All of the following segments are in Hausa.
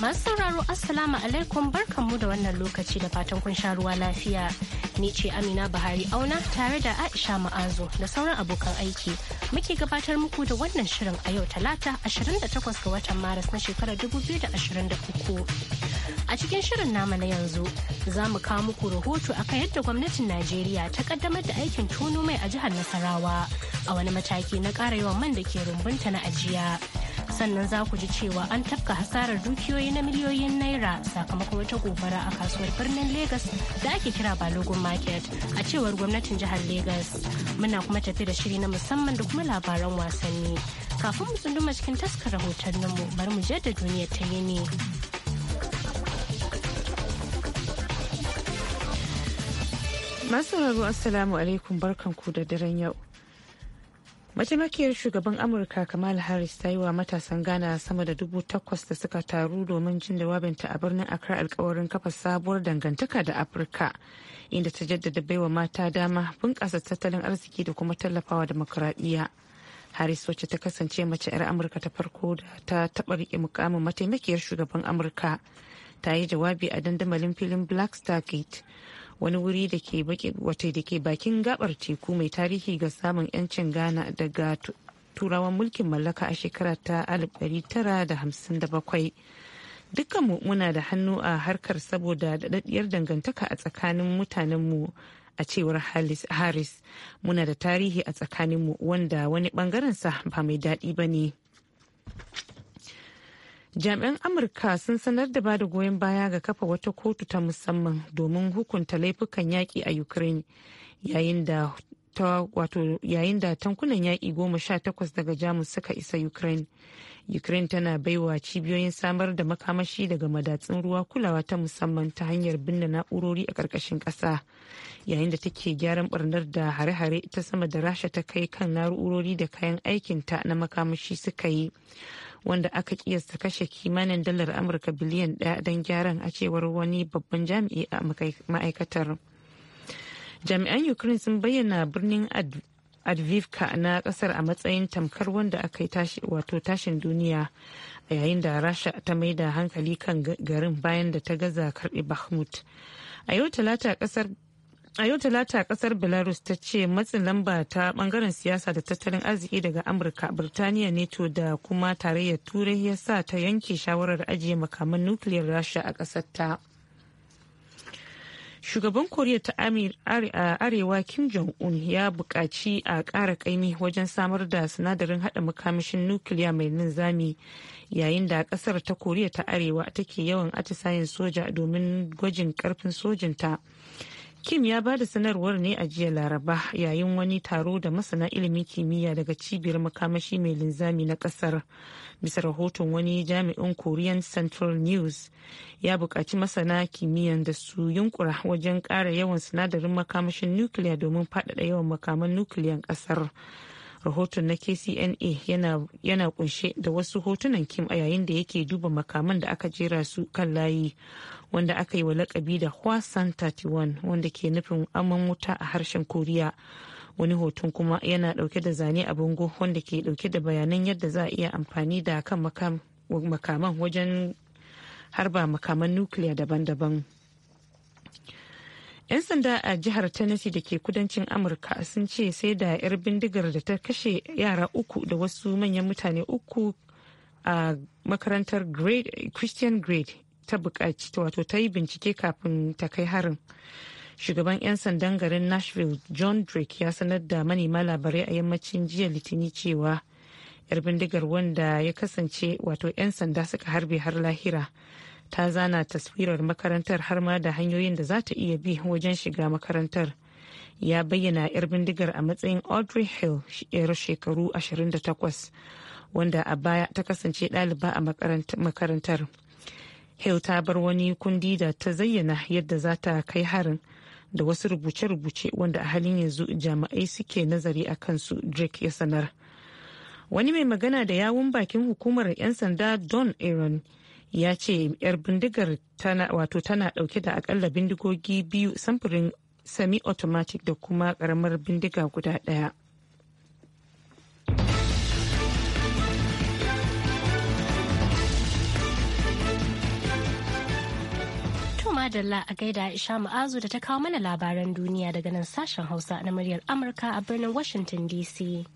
Masu sauraro Assalamu alaikum barkanmu da wannan lokaci da fatan kun sha ruwa lafiya. Ni ce Amina Buhari auna tare da Aisha Ma'azo, da sauran abokan aiki. Muke gabatar muku da wannan shirin a yau talata 28 ga watan Maris na shekarar 2023. A cikin shirin namu na yanzu za mu kawo muku rahoto a akan yadda gwamnatin Najeriya ta kaddamar da aikin tono mai a jihar Nasarawa a wani mataki na ƙara yawan man da ke rumbunta na ajiya. sannan za ku ji cewa an tafka hasarar dukiyoyi na miliyoyin naira sakamakon wata gobara a kasuwar birnin Legas da ake kira Balogun Market a cewar gwamnatin jihar Legas. Muna kuma tafi da shiri na musamman da kuma labaran wasanni. Kafin mu tsunduma cikin taskar rahotanninmu bari mu je da duniyar ta yi ne. Masu raro Assalamu alaikum barkanku da daren yau. mataimakiyar shugaban amurka kamala harris ta yi wa matasan gana sama da dubu takwas da suka taru domin jin jawabinta a birnin accra alkawarin kafa sabuwar dangantaka da afirka inda ta jaddada baiwa mata dama bunƙasa tattalin arziki da kuma tallafawa demokuraɗiyya harris wacce ta kasance mace 'yar amurka ta farko da ta taɓa riƙe mukamin mataimakiyar shugaban amurka ta yi jawabi a dandamalin filin black star gate wani wuri da ke da ke bakin gabar teku mai tarihi ga samun 'yancin ghana daga turawan mulkin mallaka a shekara ta 1957 dukkanmu muna da hannu a harkar saboda daɗaɗɗiyar dangantaka a tsakanin mutanenmu a cewar harris muna da tarihi a tsakaninmu wanda wani bangaren sa ba mai daɗi ba ne jami'an amurka sun sanar da bada goyon baya ga kafa wata kotu ta musamman domin hukunta laifukan yaƙi a ukraine yayin da tankunan yaƙi goma sha takwas daga jamus suka isa ukraine ukraine tana baiwa cibiyoyin samar da makamashi daga madatsun ruwa kulawa ta musamman ta hanyar binne na'urori a ƙarƙashin ƙasa yayin da take gyaran barnar da hare-hare ta sama da rasha ta kai kan na'urori da kayan aikinta na makamashi suka yi wanda aka kiyasta kashe kimanin dalar amurka biliyan daya don gyaran a cewar wani babban jami'i a ma'aikatar jami'an ukraine sun bayyana birnin advivka na kasar a matsayin tamkar wanda aka yi wato tashin duniya a yayin da rasha ta mai da hankali kan garin bayan da ta gaza karbe bahmut a yau talata kasar a yau talata kasar belarus ta ce matsin lamba ta bangaren siyasa da tattalin arziki daga amurka birtaniya neto da kuma tarayyar turai ya sa ta yanke shawarar ajiye makaman nukiliyar rasha a kasar ta shugaban koriya ta arewa kim jong-un ya buƙaci a ƙara ƙaimi wajen samar da sinadarin haɗa makamashin nukiliya mai linzami yayin da ƙasar ta koriya ta arewa take yawan atisayen soja domin gwajin karfin sojinta. ta Kim ya ba da sanarwar ne a jiya Laraba yayin wani taro da masana ilimin kimiyya daga cibiyar makamashi mai linzami na kasar. Bisa rahoton wani jami'in Korean Central News ya buƙaci masana kimiyyan da su yunkura wajen ƙara yawan sinadarin makamashin nukiliya domin faɗaɗa yawan makaman nukiliyan ƙasar. rahoton na kcna yana, kunshe da wasu hotunan kim a yayin da yake duba makaman da aka jera su kan layi wanda aka yi wa lakabi da hwasan 31 wanda ke nufin aman wuta a harshen koriya wani hoton kuma yana dauke da zane a bango wanda ke dauke da bayanan yadda za a iya amfani da kan makaman wajen harba makaman nukiliya daban-daban 'Yan sanda a jihar Tennessee da ke kudancin Amurka sun ce sai da 'yar bindigar da ta kashe yara uku da wasu manyan mutane uku a makarantar Christian Grade ta bukaci wato ta yi bincike kafin ta kai harin. Shugaban 'yan sandan garin Nashville John Drake ya sanar da manema labarai a yammacin jiya litini cewa 'yar bindigar wanda ya kasance wato 'yan sanda suka harbe har lahira. ta zana taswirar makarantar har ma da hanyoyin da za ta iya bi wajen shiga makarantar ya bayyana 'yar bindigar a matsayin audrey hill 'yar shekaru 28 wanda a baya ta kasance ɗaliba a makarantar hill ta bar wani kundi da ta zayyana yadda za ta kai harin da wasu rubuce-rubuce wanda a halin yanzu jami'ai suke nazari a kansu drake ya sanar wani mai magana da yawun bakin hukumar 'yan sanda don aaron ya ce 'yar bindigar wato tana dauke da akalla bindigogi biyu samfurin semi-automatic da kuma karamar bindiga guda daya. Madalla a gaida Aisha Ma'azu da ta kawo mana labaran duniya daga nan sashen Hausa na muryar Amurka a birnin Washington DC.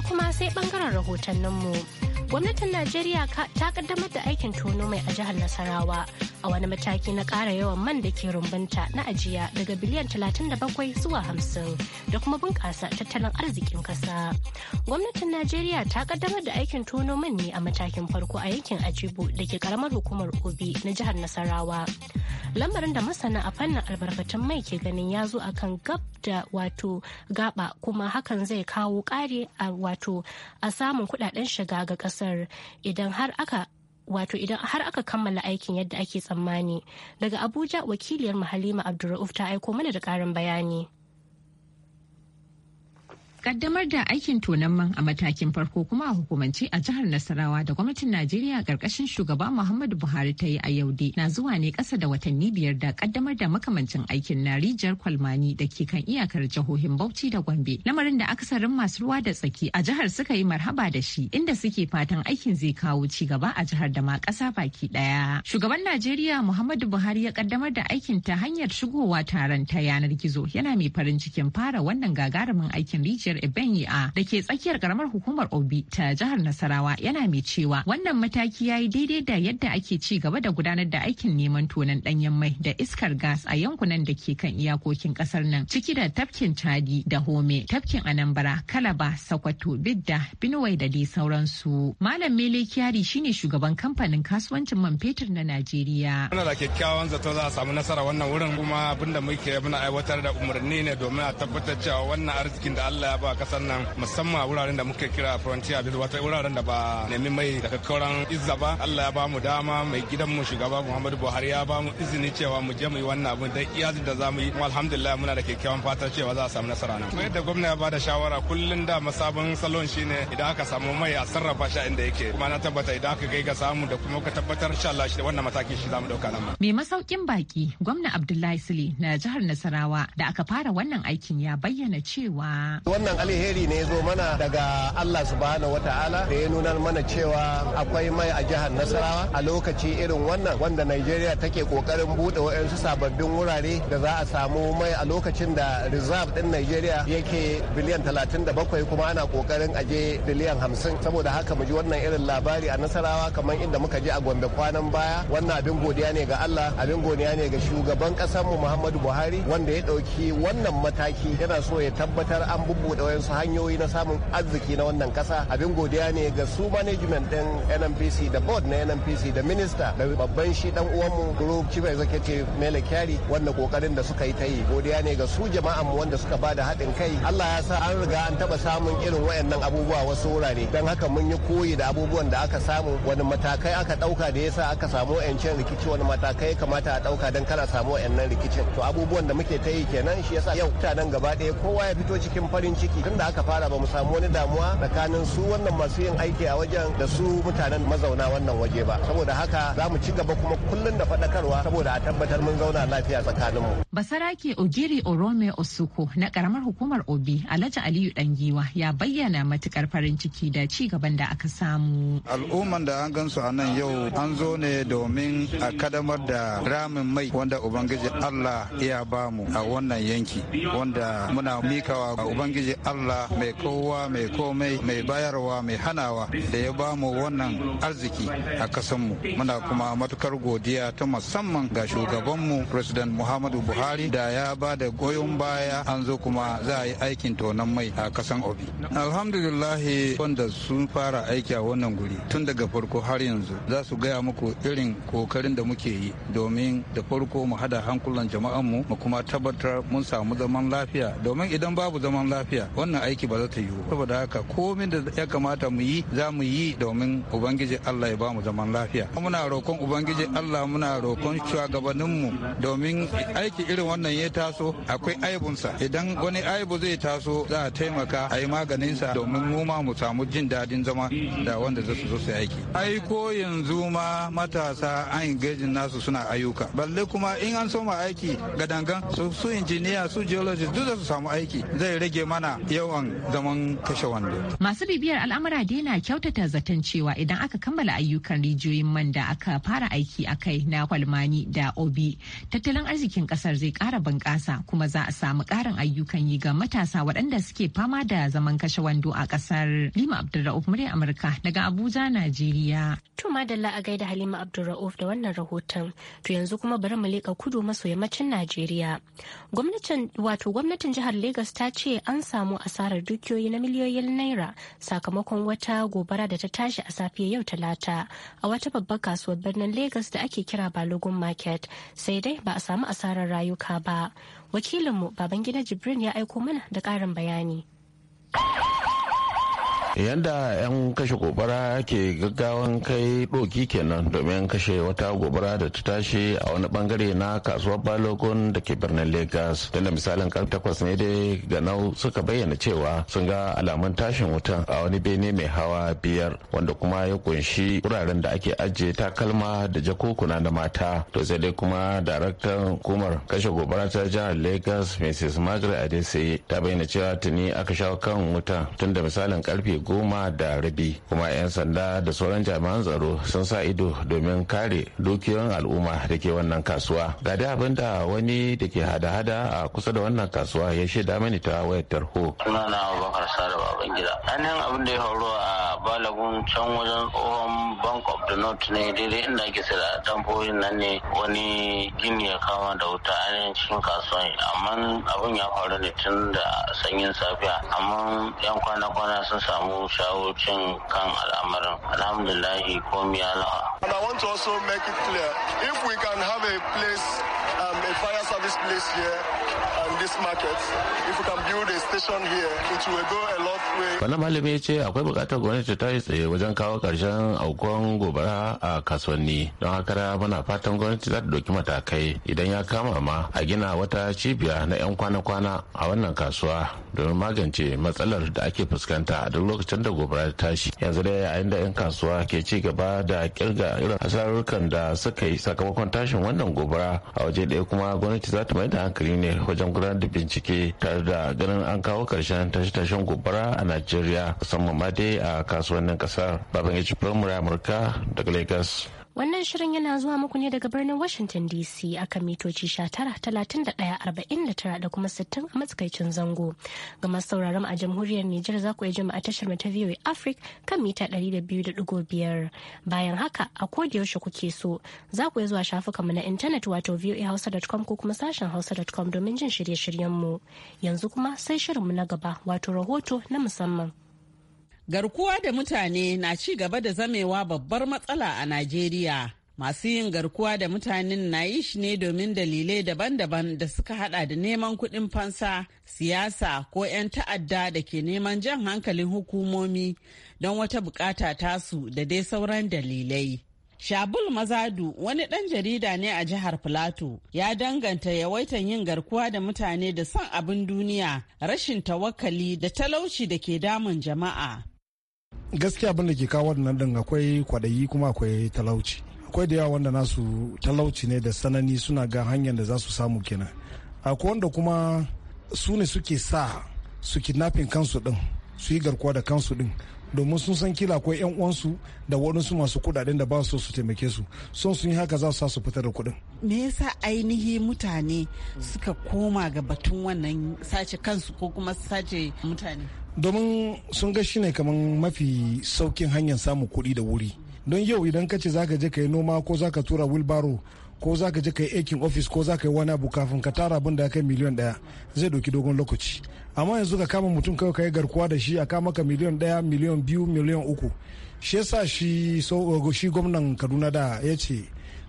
yanzu kuma sai bangaren rahotanninmu. Gwamnatin Najeriya ta kaddamar da aikin tono mai a jihar Nasarawa a wani mataki na ƙara yawan man da ke rumbunta na ajiya daga biliyan 37 zuwa 50 da kuma bunƙasa tattalin arzikin ƙasa. Gwamnatin Najeriya ta kaddamar da aikin tono man ne a matakin farko a yankin Ajibu da ke ƙaramar hukumar Obi na jihar Nasarawa. lamarin da masana a fannin albarkatun mai ke ganin ya zo akan gab da wato gaba kuma hakan zai kawo kare a wato a samun kudaden shiga ga kasar idan har aka wato idan har aka kammala aikin yadda ake tsammani daga abuja wakiliyar halima abdulrauf ta aiko mana da karin bayani kaddamar da aikin tonan man a matakin farko kuma a hukumance a jihar Nasarawa da gwamnatin Najeriya karkashin shugaba Muhammadu Buhari ta yi a yaude na zuwa ne kasa da watanni biyar da kaddamar da makamancin aikin na rijiyar kwalmani da ke kan iyakar jihohin Bauchi da Gombe. Lamarin da akasarin masu ruwa da tsaki a jihar suka yi marhaba da shi inda suke fatan aikin zai kawo ci gaba a jihar da ma kasa baki daya. Shugaban Najeriya Muhammadu Buhari ya kaddamar da aikin ta hanyar shigowa taron ta yanar gizo yana mai farin cikin fara wannan gagarumin aikin rijiyar kungiyar a da ke tsakiyar karamar hukumar Obi ta jihar Nasarawa yana mai cewa wannan mataki ya yi daidai da yadda ake ci gaba da gudanar da aikin neman tonan danyen mai da iskar gas a yankunan da ke kan iyakokin kasar nan ciki da tafkin Chadi da Home, tafkin Anambra, Kalaba, Sokoto, Bidda, Binuwai da dai sauransu. Malam Mele Kyari shine shugaban kamfanin kasuwancin man fetur na Najeriya. Wannan da kyakkyawan zato za a samu nasara wannan wurin kuma abinda muke muna aiwatar da umarni ne domin a tabbatar cewa wannan arzikin da Allah ya ba a kasar nan musamman a wuraren da muke kira frontier bil wata wuraren da ba nemi mai daga kauran izza ba Allah ya bamu dama mai gidan mu shugaba Muhammadu Buhari ya bamu izini cewa mu je mu yi wannan abin da iyazin da zamu yi alhamdulillah muna da kyakkyawan fata cewa za a samu nasara nan kuma yadda gwamna ya ba da shawara kullun da masabin salon shine idan aka samu mai a sarrafa shi inda yake kuma na tabbata idan aka kai ga samu da kuma ka tabbatar insha Allah shi wannan matakin shi zamu dauka nan mai masaukin baki gwamna Abdullahi Sule na jihar Nasarawa da aka fara wannan aikin ya bayyana cewa wannan alheri ne zo mana daga Allah subhanahu wataala da ya nuna mana cewa akwai mai a jihar Nasarawa a lokaci irin wannan wanda Najeriya take kokarin bude wayansu sababbin wurare da za a samu mai a lokacin da reserve din Najeriya yake biliyan 37 kuma ana kokarin aje biliyan 50 saboda haka mu ji wannan irin labari a Nasarawa kamar inda muka ji a Gombe kwanan baya wannan abin godiya ne ga Allah abin godiya ne ga shugaban kasar mu Muhammadu Buhari wanda ya dauki wannan mataki yana so ya tabbatar an bubbuɗe da wayansu hanyoyi na samun arziki na wannan kasa abin godiya ne ga su management din nnpc da board na nnpc da minister da babban shi dan uwanmu group chief executive mele kyari wanda kokarin da suka yi ta yi godiya ne ga su jama'an mu wanda suka bada haɗin kai allah ya sa an riga an taba samun irin wayannan abubuwa wasu wurare don haka mun yi koyi da abubuwan da aka samu wani matakai aka ɗauka da yasa aka samu yancin rikici wani matakai kamata a ɗauka dan kana samu wayannan rikicin to abubuwan da muke ta yi kenan shi yasa yau mutanen gaba ɗaya kowa ya fito cikin farin ciki aiki tunda aka fara ba mu samu wani damuwa tsakanin su wannan masu yin aiki a wajen da su mutanen mazauna wannan waje ba saboda haka za mu ci gaba kuma kullum da faɗakarwa saboda a tabbatar mun zauna lafiya tsakanin mu. Basarake Ogiri Orome Osuko na karamar hukumar Obi Alhaji Aliyu Dangiwa ya bayyana matukar farin ciki da ci gaban da aka samu. Al'umman da an gansu a nan yau an zo ne domin a kadamar da ramin mai wanda Ubangiji Allah ya bamu a wannan yanki wanda muna mikawa Ubangiji Allah mai kowa mai komai mai bayarwa mai hanawa da ya ba mu wannan arziki a kasanmu muna kuma matukar godiya ta musamman ga shugabanmu president muhammadu buhari da ya ba da goyon baya an zo kuma za a yi aikin tonon mai a kasan obi alhamdulillahi wanda sun fara aiki a wannan guri tun daga farko har yanzu za su gaya muku irin kokarin da muke yi domin da farko mu hada hankulan jama'anmu mu kuma tabbatar mun samu zaman lafiya domin idan babu zaman lafiya wannan aiki ba za ta yiwu saboda haka komai da ya kamata mu yi za mu yi domin ubangiji Allah ya ba mu zaman lafiya muna roƙon ubangiji Allah muna roƙon shugabanninmu domin aiki irin wannan ya taso akwai aibunsa idan wani aibu zai taso za a taimaka a yi maganinsa domin mu ma mu samu jin daɗin zama da wanda za su zo su aiki aiko yanzu ma matasa an gejin nasu suna ayyuka balle kuma in an soma aiki ga gadangan su injiniya su geologist duk da su samu aiki zai rage mana yawan zaman kashe wando. Masu bibiyar al'amura dai na kyautata zaton cewa idan aka kammala ayyukan rijiyoyin man da aka fara aiki a kai na kwalmani da obi tattalin arzikin kasar zai kara bunƙasa kuma za a samu karin ayyukan yi ga matasa waɗanda suke fama da zaman kashe wando a kasar. Lima Abdulra'uf murya Amurka daga Abuja, Najeriya. To madalla a gaida Halima Abdulra'uf da wannan rahoton. To yanzu kuma bari mu leƙa kudu maso yammacin Najeriya. Gwamnatin wato gwamnatin jihar lagos ta ce an samu samu asarar dukiyoyi na miliyoyin naira sakamakon wata gobara da ta tashi a safiya yau talata a wata babbar kasuwar birnin Legas da ake kira Balogun Market sai dai ba a samu asarar rayuka ba. Wakilinmu Babangida Jibrin ya aiko mana da ƙarin bayani. yanda 'yan kashe gobara ke gaggawan kai doki kenan domin kashe wata gobara da ta tashi a wani bangare na kasuwar balogun da ke birnin lagos tunda misalin kan takwas ne dai nau suka bayyana cewa sun ga alamun tashin wutan a wani bene mai hawa biyar wanda kuma ya kunshi wuraren da ake ajiye takalma da jakokuna na mata to sai dai kuma daraktan hukumar kashe gobara ta jihar lagos mrs margaret adese ta bayyana cewa tuni aka shawo kan wuta tunda misalin karfe goma da rabi kuma 'yan sanda da sauran jami'an tsaro sun sa ido domin kare dukiyoyin al'umma da ke wannan kasuwa ga da abin da wani da ke hada-hada a kusa da wannan kasuwa ya shaida mani ta wayar tarho sunana abubakar sare baban gida ainihin abin da ya faru a balagun can wajen tsohon bank of the north ne daidai inda ake sai da damfohin nan ne wani gini ya kama da wuta ainihin cikin kasuwa amma abin ya faru ne tun da sanyin safiya amma yan kwana-kwana sun samu And I want to also make it clear, if we can have a place, um, a fire service place here, this market if we can build a station here it will go a lot way wannan malami ya ce akwai bukatar gwamnati ta yi tsaye wajen kawo karshen aukuwan gobara a kasuwanni don haka muna fatan gwamnati za ta dauki matakai idan ya kama ma a gina wata cibiya na yan kwana-kwana a wannan kasuwa domin magance matsalar da ake fuskanta a duk lokacin da gobara ta tashi yanzu dai a inda yan kasuwa ke ci gaba da kirga irin da suka yi sakamakon tashin wannan gobara a waje ɗaya kuma gwamnati za ta mai da hankali ne wajen gudanar gudanar da bincike tare da ganin an kawo karshen tashe-tashen gobara a najeriya musamman ma dai a kasuwannin kasar baban ya amurka daga lagos Wannan shirin yana zuwa muku ne daga birnin Washington DC akan mitoci 19,31,49 da kuma 60 a matsakaicin zango. Ga masu a jamhuriyar Nijar za ku iya jima a tashar ta VOA Africa kan mita 200.5. Bayan haka a yaushe kuke so za ku iya zuwa shafukanmu na intanet wato voahausa.com ko kuma sashen hausa.com domin jin shirye-shiryenmu. Yanzu kuma sai shirinmu na gaba wato rahoto na musamman. Garkuwa da mutane na ci gaba da zamewa babbar matsala a Najeriya. Masu yin garkuwa da mutanen na yi shi ne domin dalilai daban-daban da suka hada da neman kuɗin fansa, siyasa ko 'yan ta'adda da ke neman jan hankalin hukumomi don wata bukata tasu da dai sauran dalilai. Shabul Mazadu wani ɗan jarida ne a jihar Filato ya danganta yawaitan yin garkuwa da mutane da son abin duniya rashin tawakali da talauci da ke damun jama'a. gaskiya abin da ke kawo wannan din akwai kwaɗayi kuma akwai talauci akwai da yawa wanda nasu talauci ne da sanani suna ga hanyar da za su samu kenan akwai wanda kuma su ne suke sa su kidnapping kansu din su yi garkuwa da kansu din domin sun san kila akwai yan uwansu da waɗansu masu kuɗaɗen da ba su su taimake su son sun yi haka za su su fitar da kuɗin. me yasa ainihi mutane suka koma ga batun wannan sace kansu ko kuma sace mutane domin sun ga shine kamar mafi saukin hanyar samun kuɗi da wuri don yau idan ka ce za ka je ka yi noma ko za ka tura wilbaro ko za ka je ka yi aikin ofis ko za ka yi wani abu kafin ka tara abin da ya kai miliyan daya zai doki dogon lokaci amma yanzu ka kama mutum kawai ka yi garkuwa da shi a kama ka miliyan daya miliyan biyu miliyan uku shi yasa shi uh, shi gwamnan kaduna da ya ce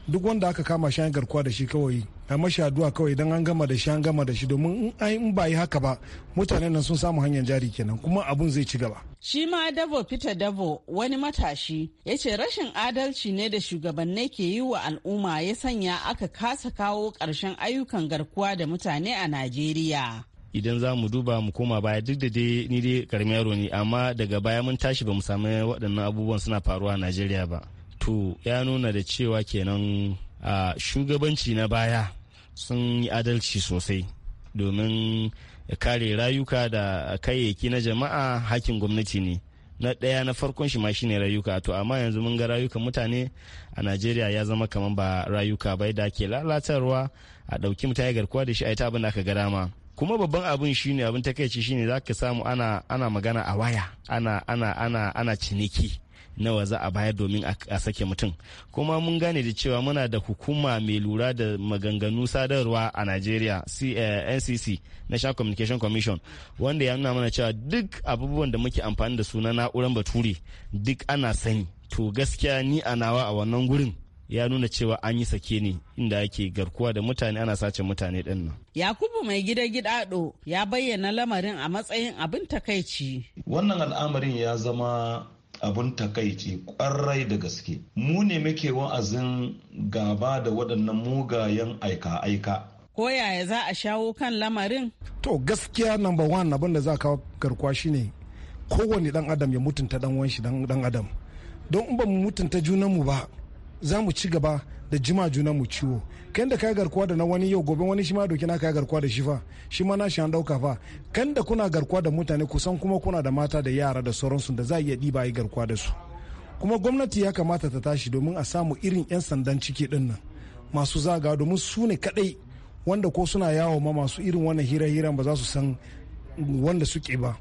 duk wanda aka kama shi an garkuwa da shi kawai a mashi addu'a kawai dan an gama da shi an gama da shi domin in ba yi haka ba mutane nan sun samu hanyar jari kenan kuma abun zai ci gaba shi ma davo peter dabo wani matashi ya ce rashin adalci ne da shugabannin ke yi wa al'umma ya sanya aka kasa kawo karshen ayyukan garkuwa da mutane a najeriya idan za mu duba mu koma baya duk da dai ni dai karamin yaro ne amma daga baya mun tashi ba mu sami waɗannan abubuwan suna faruwa a najeriya ba to ya nuna da cewa kenan a shugabanci na baya sun yi adalci sosai domin kare rayuka da kayayyaki na jama'a hakin gwamnati ne na ɗaya na farkon shi ma shine rayuka to amma yanzu mun ga rayukan mutane a najeriya ya zama kamar ba rayuka bai da ke lalatarwa a ɗauki mutane garkuwa da shi a ta abin da aka ga dama kuma babban abin shine abin takaici shine za ka samu ana ana magana a waya ana ana ciniki na waza a baya domin a sake mutum kuma mun gane da cewa muna da hukuma mai lura da maganganu sadarwa a nigeria ncc eh, national communication commission wanda ya nuna mana cewa duk abubuwan da muke amfani da su na na'uran bature duk ana sani to gaskiya ni a nawa a wannan gurin ya nuna cewa an yi sake ne inda yake garkuwa da mutane ana sace mutane din Yakubu mai gida gidado ya bayyana lamarin a matsayin abin takaici. Wannan al'amarin ya zama abin takaici kwarai da gaske. Mu ne muke wa'azin gaba da waɗannan mugayen aika-aika. Ko yaya za a shawo kan lamarin? To gaskiya number one abin da za kawo garkuwa shi ne kowane dan adam ya mutunta dan wanshi dan adam. Don in ba mu mutunta junanmu ba za mu ci gaba da jima juna mu ciwo kan da kai garkuwa da na wani yau gobe wani shi ma doki na kai garkuwa da shi fa shi ma na shi an dauka fa kan da kuna garkuwa da mutane kusan kuma kuna da mata da yara da sauransu da za a iya diba yi garkuwa da su kuma gwamnati ya kamata ta tashi domin a samu irin 'yan sandan ciki din nan masu zaga domin su ne kadai wanda ko suna yawo ma masu irin wannan hira-hiran ba za su san wanda suke ba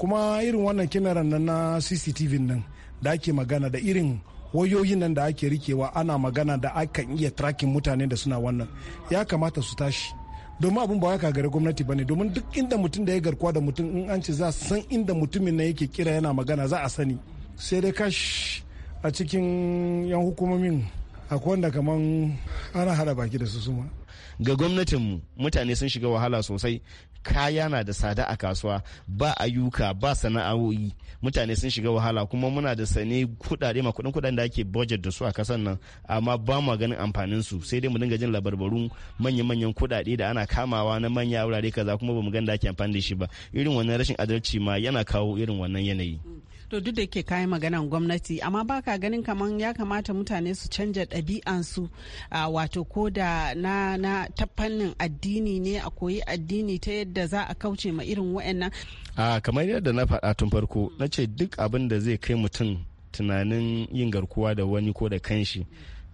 kuma irin wannan kyamarar nan na cctv nan da ake magana da irin wayoyin nan da ake rikewa ana magana da akan iya trakin mutane da suna wannan ya kamata su tashi domin abin ba ka gare gwamnati ba bane domin duk inda mutum da ya garkuwa da mutum in an ce za san inda mutumin na yake kira yana magana za a sani sai dai kash a cikin yan hukumomin akwai wanda kaman ana hada baki da su suma ga gwamnatinmu mutane sun shiga wahala sosai kaya na da tsada a kasuwa ba ayyuka ba sana'o'i mutane sun shiga wahala kuma muna da sane kudade ma kudin kudaden da ake budget da su a kasan nan amma ba mu ganin amfanin su sai dai mu dinga jin labarbarun manyan manyan kudade da ana kamawa na manya wurare kaza kuma ba mu gan da ake amfani da shi ba irin wannan rashin adalci ma yana kawo irin wannan yanayi to duk da ke kayan maganan gwamnati amma baka ganin kaman ya kamata mutane su canja ɗabi'ansu wato ko da na na ta fannin addini ne a koyi addini ta yadda za a kauce ma irin wa'annan a kamar yadda na faɗa tun farko na ce duk abin da zai kai mutum tunanin yin garkuwa da wani ko da kanshi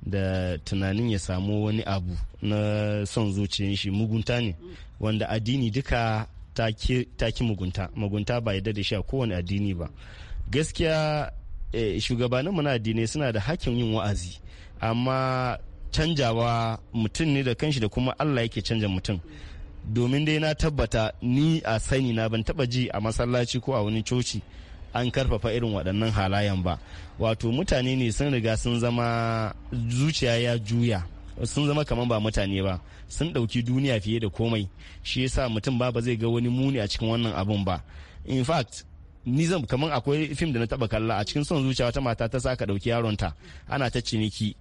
da tunanin ya samu wani abu na son zuciyar shi mugunta ne wanda addini duka ta ki mugunta mugunta ba yadda da shi a kowane addini ba gaskiya eh, shugabanin na addinai suna da hakkin yin wa'azi amma canjawa mutum ne da kanshi da kuma allah yake canja mutum domin dai na tabbata ni a sani na ban taba ji a masallaci ko a wani coci an karfafa irin waɗannan halayen ba wato mutane ne sun riga sun zama zuciya ya juya sun zama kamar ba mutane ba sun ɗauki duniya fiye da komai shi yasa mutum ba ba zai ga wani muni a cikin wannan abun ba in fact ni zan kamar akwai fim da na taba kalla a cikin son zuciya wata mata ta saka dauki yaron ta ana ta ciniki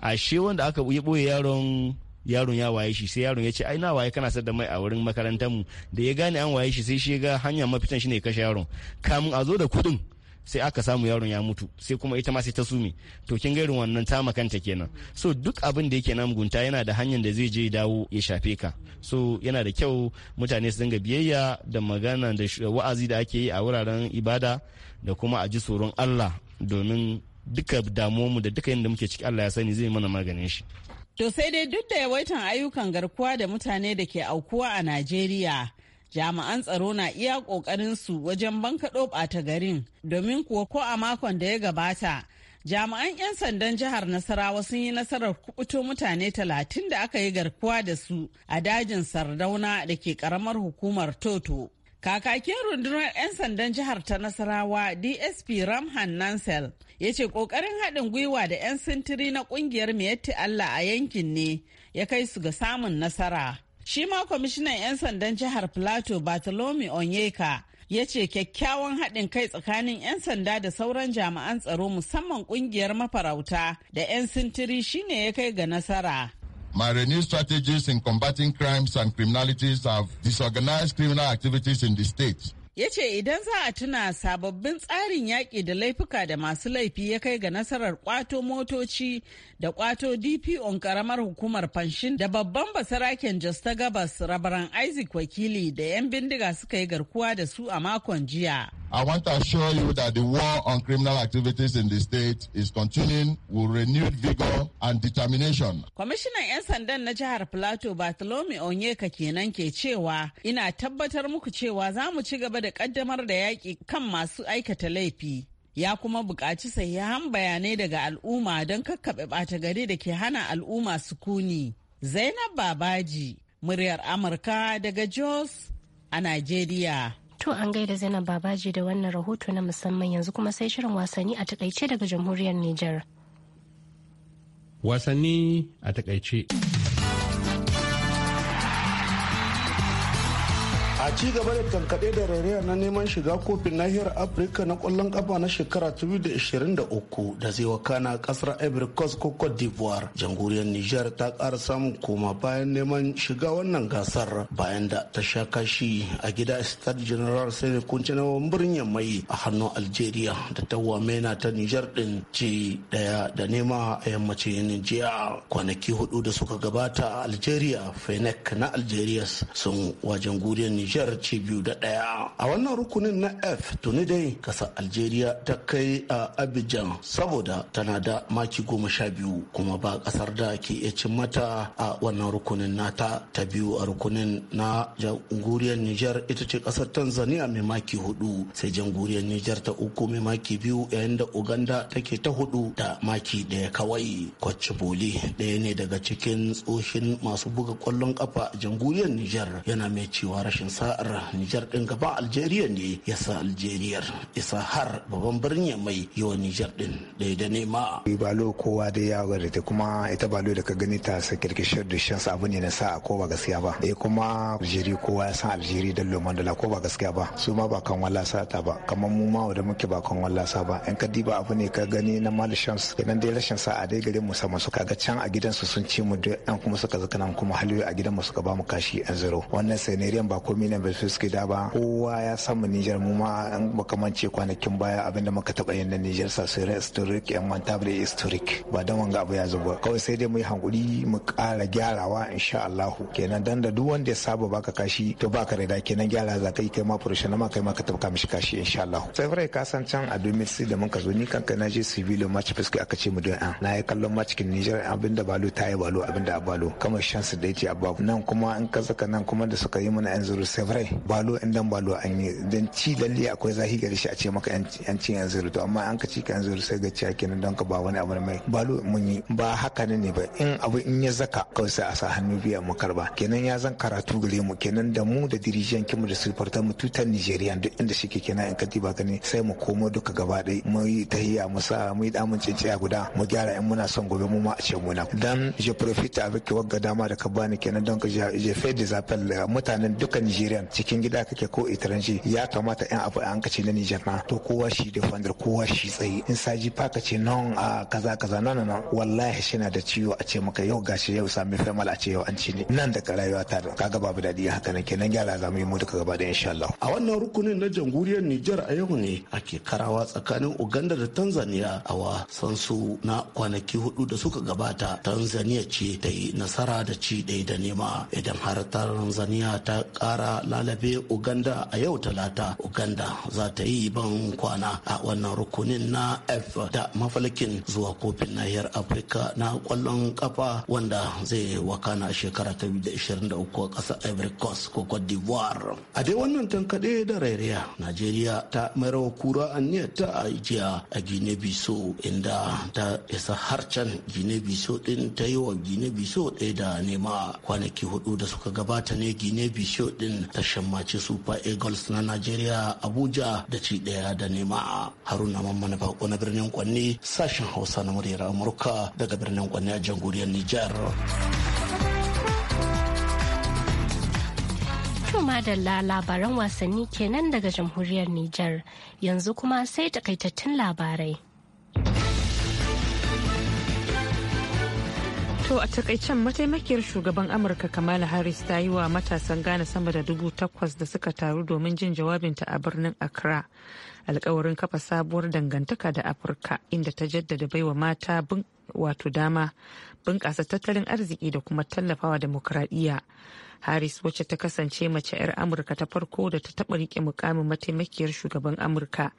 ashe wanda aka yi boye yaron yaron ya waye shi sai yaron ya ce ai na waye kana sayar da mai a wurin makarantar mu da ya gane an waye shi sai shi ga hanya mafitan shine ya kashe yaron kamun a zo da kudin sai aka samu yaron ya mutu sai kuma ita ma sai ta sumi to kin gairin wannan ta makanta kenan so duk abin da yake na mugunta yana da hanyar da zai je dawo ya shafe ka so yana da kyau mutane su dinga biyayya da magana da wa'azi da ake yi a wuraren ibada da kuma a ji tsoron Allah domin duka damuwarmu da duka yadda muke ciki Allah ya sani zai mana maganin shi to sai dai duk da yawaitan ayyukan garkuwa da mutane da ke aukuwa a Najeriya jami'an tsaro na iya ƙoƙarin su wajen bankaɗo ɓata garin domin kuwa ko a makon da ya gabata jami'an 'yan sandan jihar nasarawa sun yi nasarar kubuto mutane talatin da aka yi garkuwa da su a dajin sardauna da ke karamar hukumar toto kakakin rundunar 'yan sandan jihar ta nasarawa dsp ramhan nansel ya ce kokarin haɗin gwiwa da 'yan sintiri na ƙungiyar miyatti allah a yankin ne ya kai su ga samun nasara Shi ma kwamishinan 'yan sandan jihar Plateau Bartolome Onyeka ya ce kyakkyawan haɗin kai tsakanin 'yan sanda da sauran jami'an tsaro musamman ƙungiyar mafarauta da 'yan sintiri shine ya kai ga nasara. My renewed strategies in combating crimes and criminalities have disorganized criminal activities in the state. ya ce idan za a tuna sababbin tsarin yaƙi da laifuka da masu laifi ya kai ga nasarar kwato motoci da kwato dpo karamar hukumar fanshin da babban basaraken jos ta gabas rabaran isaac wakili da 'yan bindiga suka yi garkuwa da su a makon jiya I want to assure you that the war on criminal activities in the state is continuing with renewed vigor and determination. Kwamishinan 'yan sandan na jihar Filato Bartholomew Onyeka kenan ke cewa ina tabbatar muku cewa za mu ci gaba da kaddamar da yaƙi kan masu aikata laifi. Ya kuma buƙaci sahihan bayanai daga al'umma don kakkaɓe ɓata gari da ke hana al'umma sukuni. Zainab Babaji, muryar Amurka daga Jos a Najeriya. To an gaida Zainab Babaji da wannan rahoto na musamman yanzu kuma sai shirin wasanni a takaice daga jamhuriyar Nijar. Wasanni a takaice. ci gaba da tankaɗe da rairaya na neman shiga kofin nahiyar afirka na kwallon ƙafa na shekara 2023 da zai wakana ƙasar ivory coast ko cote d'ivoire jamhuriyar niger ta ƙara samun koma bayan neman shiga wannan gasar bayan da ta sha kashi a gida stade general sai kunce na birnin yammai a hannun algeria da ta ta niger din ci daya da nema a yammacin jiya kwanaki hudu da suka gabata a algeria fenec na algeria sun wajen guriyar niger biyar ce da ɗaya a wannan rukunin na f tuni dai kasa algeria ta kai a abidjan saboda tana da maki goma sha biyu kuma ba kasar da ke iya cin mata a wannan rukunin nata ta biyu a rukunin na jamhuriyar niger ita ce kasar tanzania mai maki hudu sai jamhuriyar niger ta uku mai maki biyu yayin da uganda take ta hudu da maki daya kawai kwacce boli daya ne daga cikin tsohin masu buga kwallon kafa jamhuriyar niger yana mai cewa rashin sa sa'ar Nijar din gaba Algeria ne ya sa Algeria isa har babban birnin mai yi wa Nijar din dai da nema. Balo kowa da ya da kuma ita balo da ka gani ta sa kirkishar da shan abu ne na sa ko ba gaskiya ba. Eh kuma Algeria kowa ya san Algeria da Lomandala ko ba gaskiya ba. Su ma ba kan wallasa ta ba kamar mu ma da muke ba kan sa ba. ka diba abu ne ka gani na Mali Shams idan dai rashin a dai gare mu sama su kaga can a gidansu sun ci mu da kuma suka zaka nan kuma haliyo a gidan mu suka ba mu kashi an zero. Wannan sanariyan ba komai ne bai suke da ba kowa ya samu Nijar mu ma an makamance kwanakin baya abinda muka taba yin na Nijar sasira historic yan mantabre historic ba dan wanga abu ya zuba kawai sai dai mu yi hankuri mu ƙara gyarawa insha Allah kenan dan da duk wanda ya saba baka kashi to baka da kenan gyara za kai kai ma professional ma kai ma ka tabka mishi kashi insha Allah sai fara ka san can a 2006 da muka zo ni kan kanka na je civil match fiske aka ce mu don an na yi kallon match kin Nijar abinda balo ta yi balo abinda abalo kamar su da yake babu nan kuma in ka saka nan kuma da suka yi mana 0 vrai balo in dan balo an yi dan ci lalle akwai zahi gare shi a ce maka yan ci yan zuru to amma an ka ci kan zuru sai ga ci kenan don ka ba wani abu mai balo mun yi ba haka ne ba in abu in ya zaka kawai sai a sa hannu biya mu karba kenan ya zan karatu gare mu kenan da mu da dirijan kimu da ta mu tutar Nijeriya duk inda shi ke kenan in ka diba gani sai mu komo duka gaba ɗaya mu yi tahiya mu sa mu yi damun cinciya guda mu gyara in muna son gobe mu ma a ce muna dan je profite avec wagga dama da ka bani kenan don ka je fait des mutanen duka Nijeriya nijar cikin gida kake ko itaranci ya kamata yan abu an kace na nijar na to kowa shi da fandar kowa shi tsayi. in saji fa ce non a kaza kaza nan nan wallahi shi na da ciwo a ce maka yau gashi yau sami femal a ce yau an ci ne nan da rayuwa ta kaga babu daɗi haka nan kenan gyara za mu yi mu duka gaba da insha Allah a wannan rukunin na jamhuriyar Nijar a yau ne ake karawa tsakanin Uganda da Tanzania a wasan su na kwanaki hudu da suka gabata Tanzania ce ta yi nasara da ci ɗaya da nema idan har Tanzania ta kara lalabe uganda a yau talata uganda za ta yi ban kwana a wannan rukunin na f da mafalkin zuwa kofin nahiyar afirka na kwallon kafa wanda zai wakana shekara ta uku a kasar ivory coast ko cote d'ivoire a dai wannan tankaɗe da rairiya najeriya ta wa kura aniyar ta a jiya a gine biso inda ta isa harcan gine biso din ta yi wa gine biso ɗaya da nema kwanaki hudu da suka gabata ne gine biso din ta shammaci super eagles na nigeria abuja da ci daya da nema haruna mamman bako na birnin kwanne sashen hausa na muryar amurka daga birnin kwanne a jamhuriyar niger madalla labaran wasanni kenan daga jamhuriyar Nijar yanzu kuma sai takaitattun labarai. To a takaicen mataimakiyar shugaban Amurka Kamala Harris ta yi wa matasan Ghana sama da dubu takwas da suka taru domin jin jawabinta a birnin Accra. Alkawarin kafa sabuwar dangantaka da Afirka inda ta jaddada baiwa mata wato dama bunƙasa tattalin arziki da kuma tallafawa demokradiyya. Harris wacce ta kasance mace 'yar Amurka ta farko da ta taɓa rike mukamin mataimakiyar shugaban Amurka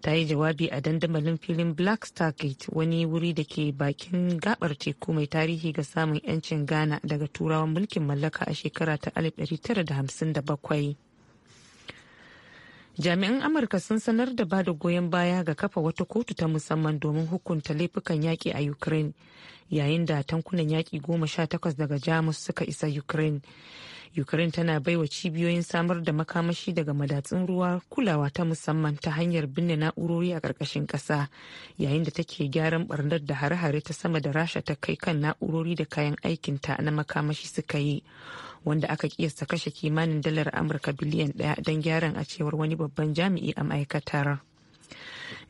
ta yi jawabi a dandamalin filin Black Star Gate wani wuri da ke bakin gabar teku mai tarihi ga samun 'yancin Ghana daga turawan mulkin mallaka a shekara ta 1957. jami'an amurka sun sanar da bada goyon baya ga kafa wata kotu ta musamman domin hukunta laifukan yaƙi a ukraine yayin da tankunan yaƙi goma sha takwas daga jamus suka isa ukraine ukraine tana baiwa cibiyoyin samar da makamashi daga madatsun ruwa kulawa ta musamman ta hanyar binne na'urori a ƙarƙashin ƙasa yayin da take gyaran barnar da hare-hare ta sama da rasha ta kai kan na'urori da kayan aikinta na makamashi suka yi wanda aka kiyasta kashe kimanin dalar amurka biliyan daya don gyaran a cewar wani babban jami'i a ma'aikatar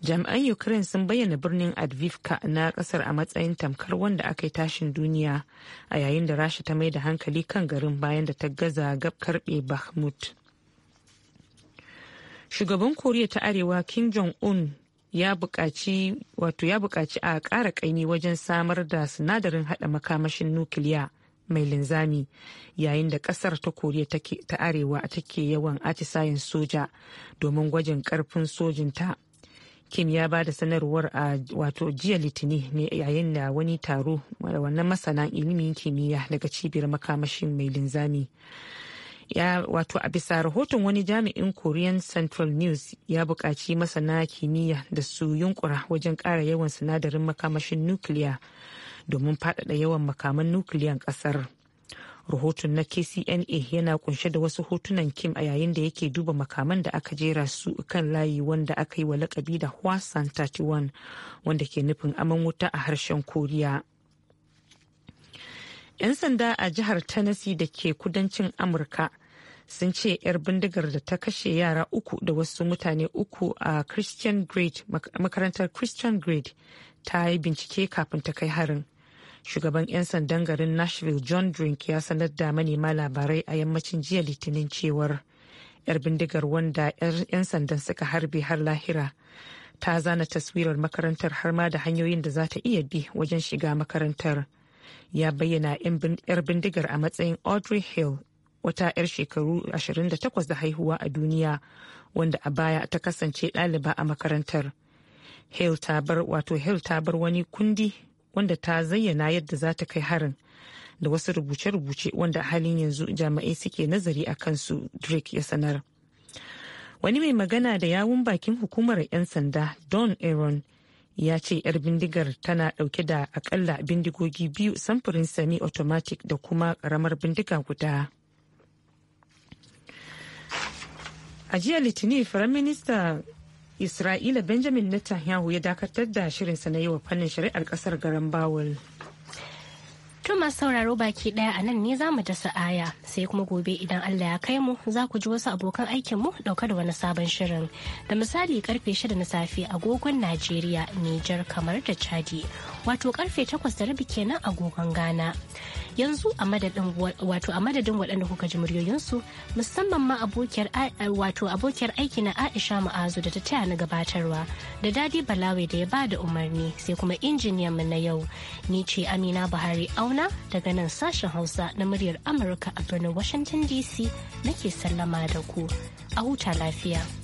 jami'an ukraine sun bayyana birnin advivka na kasar a matsayin tamkar wanda aka yi tashin duniya a yayin da rasha ta mai da hankali kan garin bayan da ta gaza gab karbe bahmut shugaban koriya ta arewa kim jong-un ya bukaci a ƙara ƙaimi wajen samar da sinadarin haɗa makamashin nukiliya mai linzami yayin da kasar ta koriya ta arewa take yawan atisayen soja domin gwajin karfin sojinta kim ya ba da sanarwar a wato jiya litini ne yayin da wani taro wannan masana ilimin kimiyya daga cibiyar makamashin mai linzami ya wato a bisa rahoton wani jami'in korean central news ya bukaci masana kimiyya da su yunkura wajen ƙara yawan sinadarin makamashin nukiliya domin faɗaɗa yawan makaman nukiliyan ƙasar. rahoton na kcna yana kunshe da wasu hotunan kim a yayin da yake duba makaman da aka jera su kan layi wanda aka yi wa lakabi da hwasan 31 wanda ke nufin aman wuta a harshen koriya yan sanda a jihar tennessee da ke kudancin amurka sun ce 'yar bindigar da ta kashe yara uku da wasu mutane uku a christian grade makarantar christian grade ta yi bincike kafin ta kai harin shugaban 'yan sandan garin nashville john drink ya sanar da manema labarai a yammacin jiya litinin cewar yar bindigar wanda 'yan sandan suka harbe har lahira ta zana taswirar makarantar har ma da hanyoyin da za ta iya bi wajen shiga makarantar ya bayyana 'yar bindigar a matsayin audrey hill wata 'yar shekaru 28 da haihuwa a duniya wanda a baya ta kasance ɗaliba a makarantar Hale ta bar wato Hale ta bar wani kundi wanda ta zayyana yadda za ta kai harin da wasu rubuce-rubuce wanda halin yanzu jami'ai suke nazari a kansu Drake ya sanar. Wani mai magana da yawun bakin hukumar 'yan sanda Don Aaron ya ce 'yar bindigar tana dauke da akalla bindigogi biyu samfurin semi-automatic da kuma karamar bindiga guda. A jiya Litinin Firaminista isra'ila benjamin netanyahu ya dakatar da shirinsa na yi wa fannin shari'ar kasar garan bawul tun masu sauraro baki daya a nan ne za mu dasa aya sai kuma gobe idan Allah ya kai mu za ku ji wasu abokan aikinmu dauka da wani sabon shirin. Da misali karfe shida na safe agogon Najeriya, Nijar kamar da Chadi wato karfe takwas da rabi kenan a gogon gana. Yanzu a madadin waɗanda kuka ji muryoyinsu musamman ma abokiyar wato abokiyar aiki na Aisha Ma'azu da ta taya na gabatarwa da Dadi Balawe da ya ba da umarni sai kuma injiniyan mu na yau. Ni ce Amina Buhari Auna daga nan sashen Hausa na muryar Amurka a birnin Washington DC nake sallama da ku. A huta lafiya.